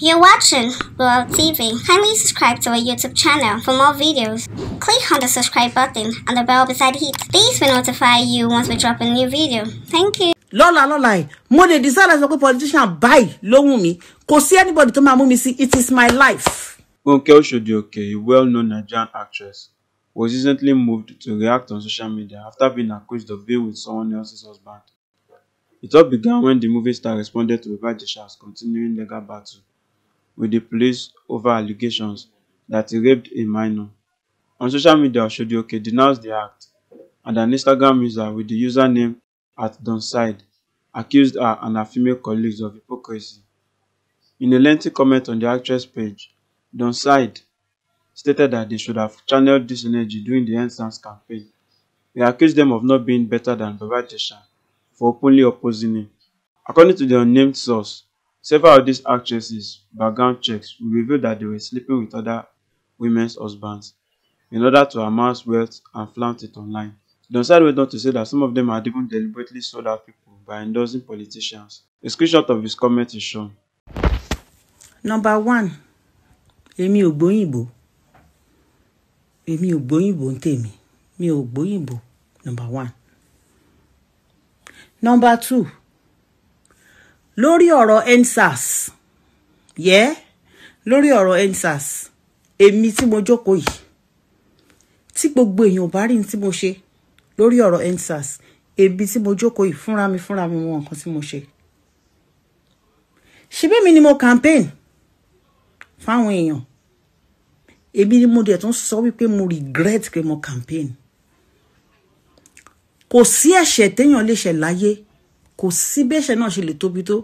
You're watching Blowout TV. Kindly subscribe to our YouTube channel for more videos. Click on the subscribe button and the bell beside it. This will notify you once we drop a new video. Thank you. lọ́la lọ́la ẹ̀ eh. mo lè decide sọ pé politician buy lóhùn mi Cause sí anybody tó my mú see, it is my life. Ronke Oshodi-Oke, a well-known Nigerian actress, was recently moved to react on social media after being accused of being with someone else's husband. It all began when the movie star responded to Baba Ijesha's continuing legal battle with the police over allegations that he raped a minor. On social media, Oshodi denounced the act, and an Instagram user with the username at Donside accused her and her female colleagues of hypocrisy. In a lengthy comment on the actress page, Donside stated that they should have channeled this energy during the End campaign. He accused them of not being better than Baba Jesha for openly opposing him. According to the unnamed source, Several of these actresses' background checks would reveal that they were sleeping with other women's husbands in order to amass wealth and flaunt it online. Downside went on to say that some of them had even deliberately sold out people by endorsing politicians. A screenshot of his comment is shown. Number one, Emi ò Emi Èmi ò Emi ń Number one. Number two lórí ọ̀rọ̀ endsars yẹ lórí ọ̀rọ̀ endsars èmi tí mo jókòó yìí tí gbogbo èèyàn bá rí ní tí mo ṣe lórí ọ̀rọ̀ endsars èmi tí mo jókòó yìí fúnra mi fúnra mi wọn nǹkan tí mo ṣe ṣebí mi ni mo campaign fáwọn èèyàn èmi ni mo dẹ̀ tún sọ wípé mo regret pé mo campaign kò sí ẹ̀ṣẹ̀ téèyàn lè ṣẹ̀ láyé kò sí bẹ́sẹ̀ náà ṣe lè tóbi tó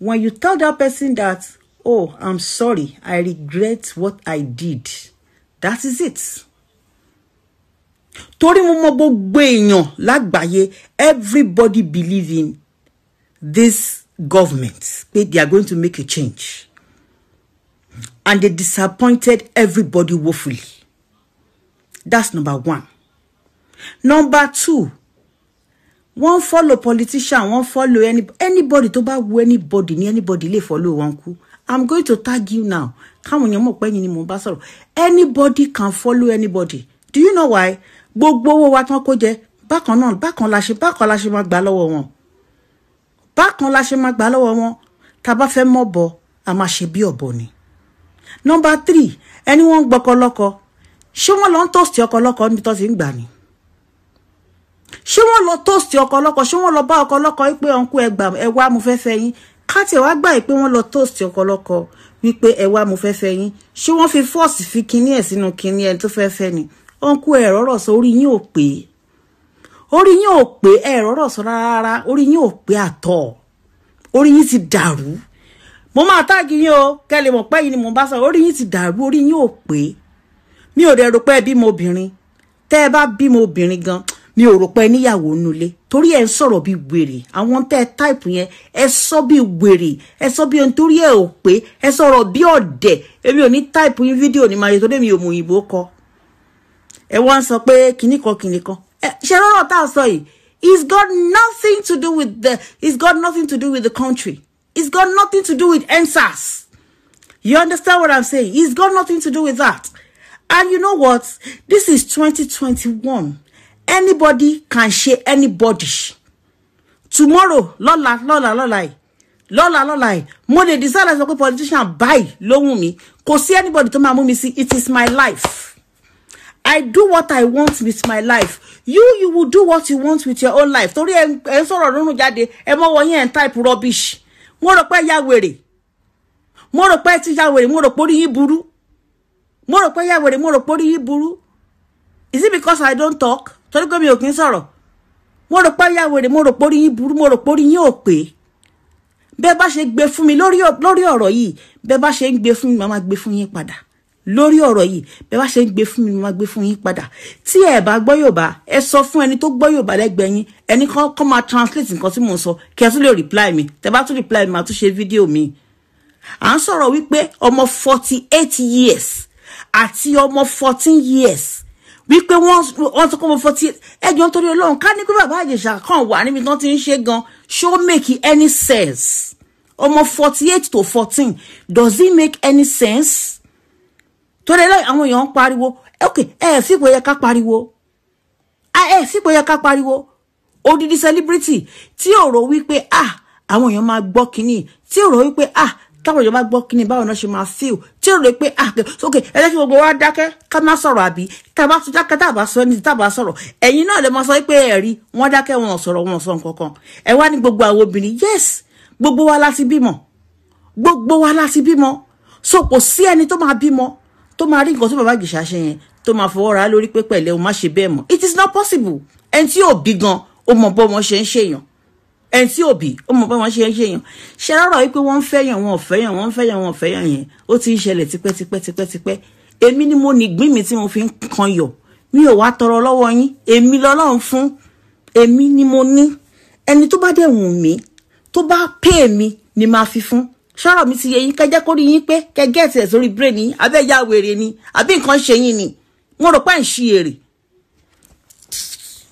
when you tell that person that oh i'm sorry i regret what i did that is it torí mo mọ gbogbo èèyàn lágbàáyé everybody believe in this government pé they are going to make a change and they disappointed everybody woefully that's number one number two wọ́n follow politician wọ́n follow any, anybody tó bá wu anybody ni anybody lè follow wọn kú i'm going to tag you now káwọn èèyàn mọ̀ pé ẹ̀yin ni mò ń bá sọ̀rọ̀ anybody can follow anybody do you know why gbogbo owó wa tán kó jẹ bákan náà bákan la ṣe bákan la ṣe máa gbà lọ́wọ́ wọn bákan la ṣe máa gbà lọ́wọ́ wọn tá a bá fẹ́ mọ̀ bọ̀ a máa ṣe bí ọ̀bọ ni. nọmba three ẹni wọ́n ń gbọ́kọ lọ́kọ ṣé wọ́n lọ ń tọ̀sí ọkọ lọ́kọ níbi tó ti ń gbà ni ṣé wọ́n lọ tóòsì ọkọ ọlọ́kọ ṣé wọ́n lọ bá ọkọ ọlọ́kọ wípé ọ̀nkú ẹgbà ẹwà mo fẹ́ fẹ́ yín káàtì wá gbà pé wọ́n lọ tóòsì ọkọ ọlọ́kọ wípé ẹwà mo fẹ́ fẹ́ yín ṣé wọ́n fi fọ́ọ̀sì fi kinní ẹ̀ sínú kinní ẹni tó fẹ́ fẹ́ ni ọ̀nkú ẹ̀ rọ̀rọ̀ sọ orí yín ò pé orí yín ò pé ẹ̀ rọ̀rọ̀ sọ rárá orí yín ò pé àtọ̀ orí yín ti dàrú mo máa táàgì yín o kẹ́lẹ̀ mọ̀ pé yìí ni mo bá sọ orí yín ti dàrú orí yín ò pé mi ò dẹ̀ rò bímọ obìnrin tẹ́ ẹ bá bímọ obìnrin gan mi ò rò pé níyàwó nulẹ̀ torí ẹ e ń sọ̀rọ̀ bí wèrè àwọn tẹ́ ẹ táìpù yẹn ẹ e sọ bí wèrè ẹ e sọ bí ohun torí ẹ ò pé ẹ sọ̀rọ̀ bí ọ̀dẹ̀ èmi ò ní táìpù yín fídíò ní màrí torí mi ò mọ òyìnbó kọ ẹ wá ń sọ pé kinní kan kinní kan ẹ ṣe lọ́rọ̀ tá a sọ yìí it's got nothing to do with the He's got nothing to do with the country He's got nothing to do with EndSARS you understand what I'm saying He's got nothing to do with that and you know what this is 2021 anybody can ṣe anybody tomorrow lọ́la lọ́la lọ́la yìí lọ́la lọ́la yìí mo lè decide sọ pé politician báyìí ló wù kò sí anybody tó máa mú mi sí it is my life I do what I want with my life you you will do what you want with your own life torí ẹ ń sọ̀rọ̀ nínú jáde ẹ mọ́ wọ̀nyí ẹ̀ ń type rubbish mo rò pé ya wèrè mo rò pé ti ya wèrè mo rò pé orí yìí burú mo rò pé ya wèrè mo rò pé orí yìí burú is it because I don't talk? torí pé mi ò kí ń sọ̀rọ̀ mo rò pé yá wèrè mo rò pé orí yín burú mo rò pé orí yín ò pé bẹ́ẹ̀ bá ṣe gbé fún mi lórí ọ̀rọ̀ yìí bẹ́ẹ̀ bá ṣe ń gbé fún mi màá máa gbé fún yín padà lórí ọ̀rọ̀ yìí bẹ́ẹ̀ bá ṣe ń gbé fún mi màá gbé fún yín padà tí ẹ bá gbọ́ Yorùbá ẹ sọ fún ẹni tó gbọ́ Yorùbá lẹ́gbẹ̀ẹ́ yín ẹni kan kọ́ máa translate nǹkan tí mò ń sọ kí ẹ tún lè reply mi tẹ bá tún reply mi màá tún ṣe fídíò mi à ń sọ̀rọ̀ wípé ọmọ forty eight years àti ọmọ fourteen years wípé wọ́n tó kọ́ mọ́ forty eight ẹ̀jọ̀ nítorí ọlọ́run ká ní pé bàbá àjèṣà kan wà níbi tán ti ń ṣe gan ṣó make any sense ọmọ forty eight to fourteen does it make any sense torí ẹlẹ́yìn àwọn èèyàn ń pariwo ok ẹ ẹ fipò yẹ ká pariwo ẹ ẹ fipò yẹ ká pariwo odidi celebrity tí ò rò wípé ah àwọn èèyàn máa gbọ́ kínní tí ò rò wípé ah táwọn èèyàn bá gbọ́ kí ni báwọn náà ṣe máa feel tí ó rò pé ah, ok ẹ jẹ́ kí gbogbo wa dákẹ́ ká má sọ̀rọ̀ àbí tá a bá tún dákẹ́ tá a bá sọ ẹni tá a bá sọ̀rọ̀ ẹ̀yin náà lè máa sọ pé ẹ̀rí wọ́n dákẹ́ wọn ò sọ̀rọ̀ wọn ò sọ nǹkan kan ẹ wá ní gbogbo àwọn obìnrin yes gbogbo wa láti bímọ gbogbo wa láti bímọ so kò sí ẹni tó máa bímọ tó máa rí nǹkan tó bàbá gbèsè àṣẹ yẹn tó máa fọwọ́ ra lórí pé pẹ̀lẹ́ o má ṣe bẹ́ẹ̀ mọ́ it is not possible ẹni tí yóò bí gan o mọ̀ bọ́ ọmọ ṣe ń ṣèyàn ẹn tí òbí ó mọ bá wọn ṣe ń ṣe yàn ṣe rọrọ wípé wọn ń fẹyàn wọn ò fẹyàn wọn ń fẹyàn wọn ò fẹyàn yẹn ó ti ń ṣẹlẹ̀ tipẹ́tipẹ́tipẹ́tipẹ́ èmi ni mo nìgbín mi tí mo fi ń kan yọ mi ò wá tọrọ lọ́wọ́ yín èmi lọ́lọ́run fún èmi ni mo ní ẹni tó bá dẹ̀ wù mí tó bá pè mí ni máa fi fún ṣọ́rọ̀ mi ti yẹ yín kẹjẹ́ kórí yín pé kẹgẹ́ẹ̀tì ẹ̀ sórí brain yín abẹ́ ya wèrè ni àbí nǹkan ṣe yín ni mo rò pé à ń ṣiyèrè